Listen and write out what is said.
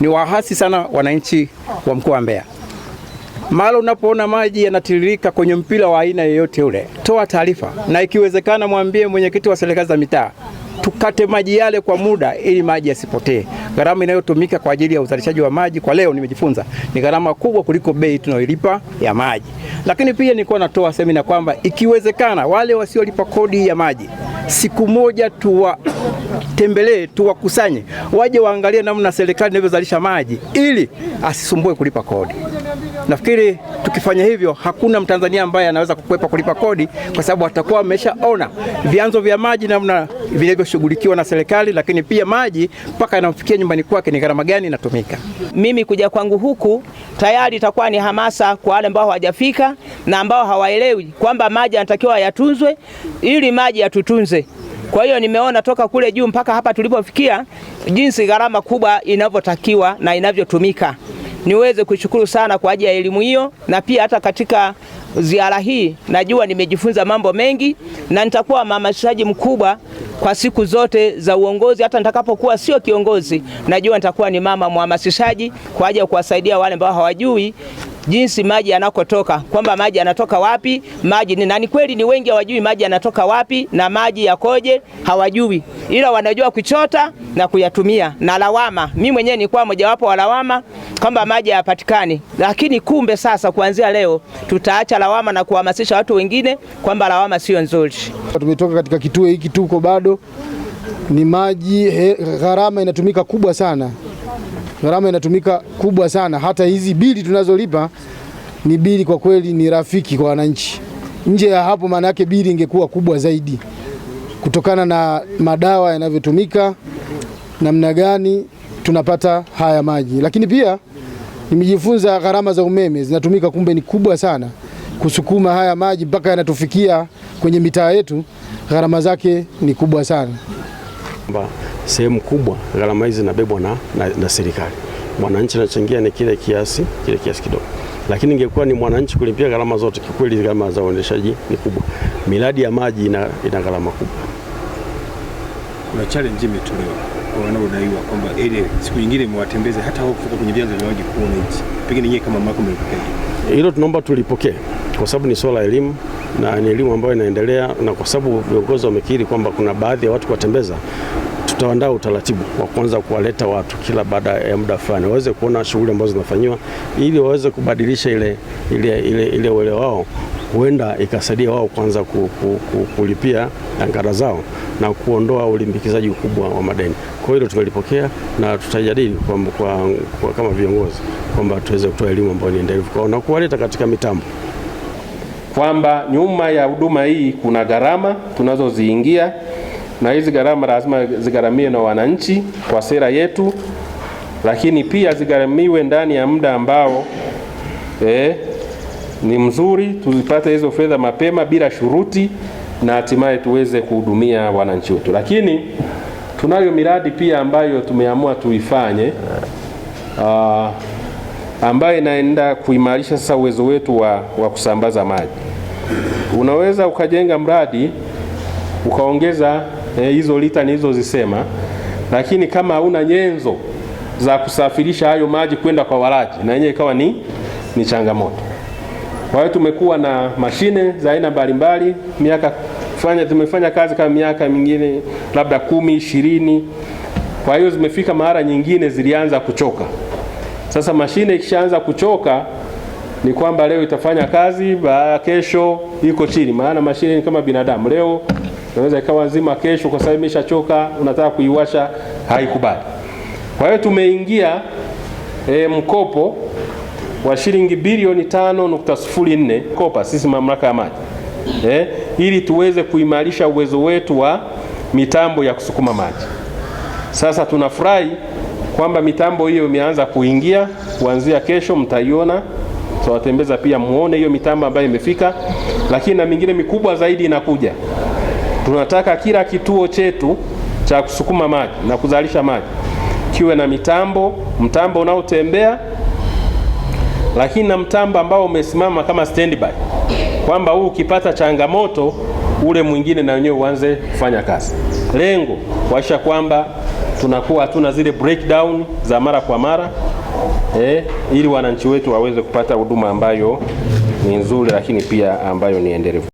ni wahasi sana wananchi wa mkoa wa Mbeya. Mara unapoona maji yanatiririka kwenye mpira wa aina yoyote ule, toa taarifa, na ikiwezekana mwambie mwenyekiti wa serikali za mitaa tukate maji yale kwa muda, ili maji yasipotee. Gharama inayotumika kwa ajili ya uzalishaji wa maji kwa leo nimejifunza ni gharama kubwa kuliko bei tunayolipa ya maji. Lakini pia nilikuwa natoa semina kwamba ikiwezekana, wale wasiolipa kodi ya maji siku moja tuwatembelee, tuwakusanye, waje waangalie namna serikali inavyozalisha maji ili asisumbue kulipa kodi. Nafikiri tukifanya hivyo hakuna Mtanzania ambaye anaweza kukwepa kulipa kodi, kwa sababu atakuwa ameshaona vyanzo vya maji namna vinavyoshughulikiwa na serikali, lakini pia maji mpaka yanamfikia nyumbani kwake ni gharama gani inatumika. Mimi kuja kwangu huku tayari itakuwa ni hamasa kwa wale ambao hawajafika na ambao hawaelewi kwamba maji yanatakiwa yatunzwe ili maji yatutunze. Kwa hiyo nimeona toka kule juu mpaka hapa tulipofikia jinsi gharama kubwa inavyotakiwa na inavyotumika niweze kushukuru sana kwa ajili ya elimu hiyo, na pia hata katika ziara hii najua nimejifunza mambo mengi, na nitakuwa mhamasishaji mkubwa kwa siku zote za uongozi. Hata nitakapokuwa sio kiongozi, najua nitakuwa ni mama mhamasishaji kwa ajili ya kuwasaidia wale ambao hawajui jinsi maji yanakotoka, kwamba maji yanatoka wapi, maji ni nani. kweli, ni wengi hawajui maji yanatoka wapi na maji yakoje, hawajui, ila wanajua kuchota na kuyatumia. Na lawama, mimi mwenyewe nilikuwa mojawapo wa lawama kwamba maji hayapatikani, lakini kumbe sasa kuanzia leo tutaacha lawama na kuhamasisha watu wengine kwamba lawama sio nzuri. Tumetoka katika kituo hiki, tuko bado ni maji, gharama inatumika kubwa sana gharama inatumika kubwa sana. Hata hizi bili tunazolipa ni bili kwa kweli ni rafiki kwa wananchi. Nje ya hapo, maana yake bili ingekuwa kubwa zaidi kutokana na madawa yanavyotumika, namna gani tunapata haya maji. Lakini pia nimejifunza gharama za umeme zinatumika, kumbe ni kubwa sana kusukuma haya maji mpaka yanatufikia kwenye mitaa yetu, gharama zake ni kubwa sana kwamba sehemu kubwa gharama hizi zinabebwa na, na, na serikali. Mwananchi anachangia ni kile kiasi kile kiasi kidogo, lakini ingekuwa ni mwananchi kulipia gharama zote, kikweli gharama za uendeshaji ni kubwa. Miradi ya maji ina, ina gharama kubwa. Kuna challenge imetolewa kwa wanaodaiwa kwamba ile siku nyingine mwatembeze hata wao kutoka kwenye vyanzo vya maji kuona hichi, pengine nyie kama mako mlipokea hilo, tunaomba tulipokee kwa sababu ni swala elimu na ni elimu ambayo inaendelea, na kwa sababu viongozi wamekiri kwamba kuna baadhi ya watu kuwatembeza tutaandaa utaratibu wa kuanza kuwaleta watu kila baada ya muda fulani waweze kuona shughuli ambazo zinafanyiwa ili waweze kubadilisha ile ile ile, ile uelewa wao huenda ikasaidia wao kuanza ku, ku, ku, kulipia ankara zao na kuondoa ulimbikizaji mkubwa wa madeni. Kwa hilo tumelipokea na tutajadili kwa, kwa, kwa kama viongozi kwamba tuweze kutoa elimu ambayo ni endelevu kwao na kuwaleta katika mitambo, kwamba nyuma ya huduma hii kuna gharama tunazoziingia na hizi gharama lazima zigharamiwe na wananchi kwa sera yetu, lakini pia zigharamiwe ndani ya muda ambao eh, ni mzuri, tuzipate hizo fedha mapema bila shuruti, na hatimaye tuweze kuhudumia wananchi wetu. Lakini tunayo miradi pia ambayo tumeamua tuifanye, uh, ambayo inaenda kuimarisha sasa uwezo wetu wa, wa kusambaza maji. Unaweza ukajenga mradi ukaongeza Eh, hizo e, lita nilizozisema, lakini kama hauna nyenzo za kusafirisha hayo maji kwenda kwa walaji, na yenyewe ikawa ni, ni changamoto. Kwa hiyo tumekuwa na mashine za aina mbalimbali miaka fanya, tumefanya kazi kama miaka mingine labda kumi ishirini. Kwa hiyo zimefika mara nyingine zilianza kuchoka. Sasa mashine ikishaanza kuchoka ni kwamba leo itafanya kazi baada kesho iko chini, maana mashine ni kama binadamu leo inaweza ikawa nzima kesho, kwa sababu imeshachoka, unataka kuiwasha, haikubali. Kwa hiyo tumeingia e, mkopo wa shilingi bilioni 5.04 kopa sisi mamlaka ya maji e, ili tuweze kuimarisha uwezo wetu wa mitambo ya kusukuma maji. Sasa tunafurahi kwamba mitambo hiyo imeanza kuingia kuanzia kesho, mtaiona tutawatembeza pia muone hiyo mitambo ambayo imefika, lakini na mingine mikubwa zaidi inakuja. Tunataka kila kituo chetu cha kusukuma maji na kuzalisha maji kiwe na mitambo, mtambo unaotembea lakini na mtambo ambao umesimama kama standby, kwamba huu ukipata changamoto ule mwingine na wenyewe uanze kufanya kazi, lengo kuhakikisha kwamba tunakuwa hatuna zile breakdown za mara kwa mara eh, ili wananchi wetu waweze kupata huduma ambayo ni nzuri, lakini pia ambayo ni endelevu.